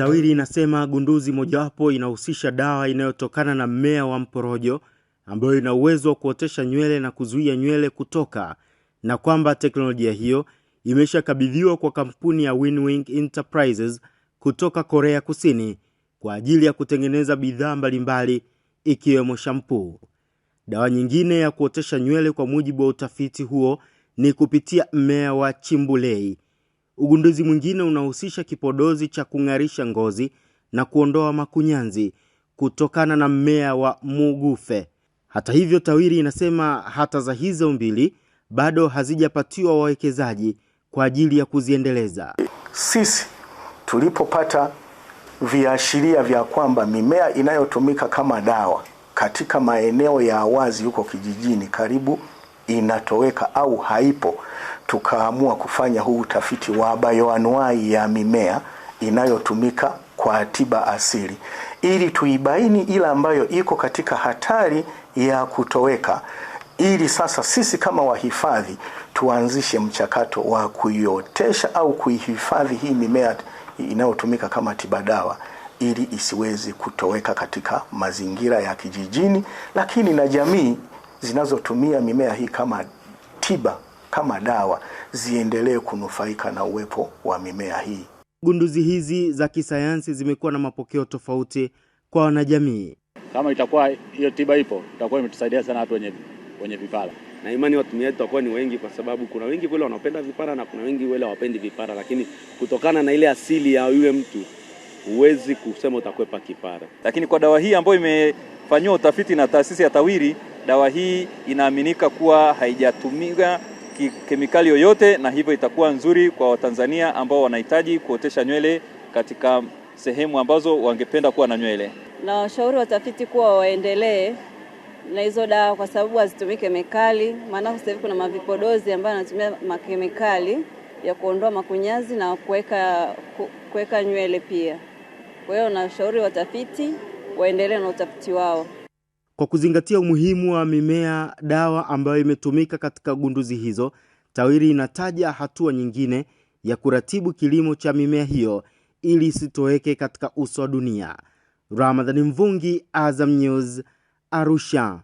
TAWIRI inasema gunduzi mojawapo inahusisha dawa inayotokana na mmea wa mporojo ambayo ina uwezo wa kuotesha nywele na kuzuia nywele kutoka na kwamba teknolojia hiyo imeshakabidhiwa kwa kampuni ya Winwing Enterprises kutoka Korea Kusini kwa ajili ya kutengeneza bidhaa mbalimbali ikiwemo shampoo. Dawa nyingine ya kuotesha nywele kwa mujibu wa utafiti huo ni kupitia mmea wa chimbulei Ugunduzi mwingine unahusisha kipodozi cha kung'arisha ngozi na kuondoa makunyanzi kutokana na mmea wa mugufe. Hata hivyo, TAWIRI inasema hata za hizo mbili bado hazijapatiwa wawekezaji kwa ajili ya kuziendeleza. Sisi tulipopata viashiria vya kwamba mimea inayotumika kama dawa katika maeneo ya wazi huko kijijini karibu inatoweka au haipo, tukaamua kufanya huu utafiti wa bioanuai ya mimea inayotumika kwa tiba asili ili tuibaini ile ambayo iko katika hatari ya kutoweka, ili sasa sisi kama wahifadhi tuanzishe mchakato wa kuiotesha au kuihifadhi hii mimea inayotumika kama tiba dawa ili isiwezi kutoweka katika mazingira ya kijijini, lakini na jamii zinazotumia mimea hii kama tiba kama dawa ziendelee kunufaika na uwepo wa mimea hii. Gunduzi hizi za kisayansi zimekuwa na mapokeo tofauti kwa wanajamii. Kama itakuwa hiyo tiba ipo, itakuwa imetusaidia sana watu wenye wenye vipara, na imani watumiaji watakuwa ni wengi, kwa sababu kuna wengi wale wanapenda vipara na kuna wengi wale hawapendi vipara, lakini kutokana na ile asili ya yule mtu huwezi kusema utakwepa kipara. Lakini kwa dawa hii ambayo imefanyiwa utafiti na taasisi ya TAWIRI Dawa hii inaaminika kuwa haijatumika kemikali yoyote, na hivyo itakuwa nzuri kwa Watanzania ambao wanahitaji kuotesha nywele katika sehemu ambazo wangependa kuwa na nywele. Na washauri watafiti kuwa waendelee na hizo dawa kwa sababu hazitumii kemikali, maana sasa hivi kuna mavipodozi ambayo yanatumia makemikali ya kuondoa makunyazi na kuweka kuweka nywele pia. Kwa hiyo nashauri watafiti waendelee na utafiti wao. Kwa kuzingatia umuhimu wa mimea dawa ambayo imetumika katika gunduzi hizo, TAWIRI inataja hatua nyingine ya kuratibu kilimo cha mimea hiyo ili isitoweke katika uso wa dunia. Ramadhani Mvungi, Azam News, Arusha.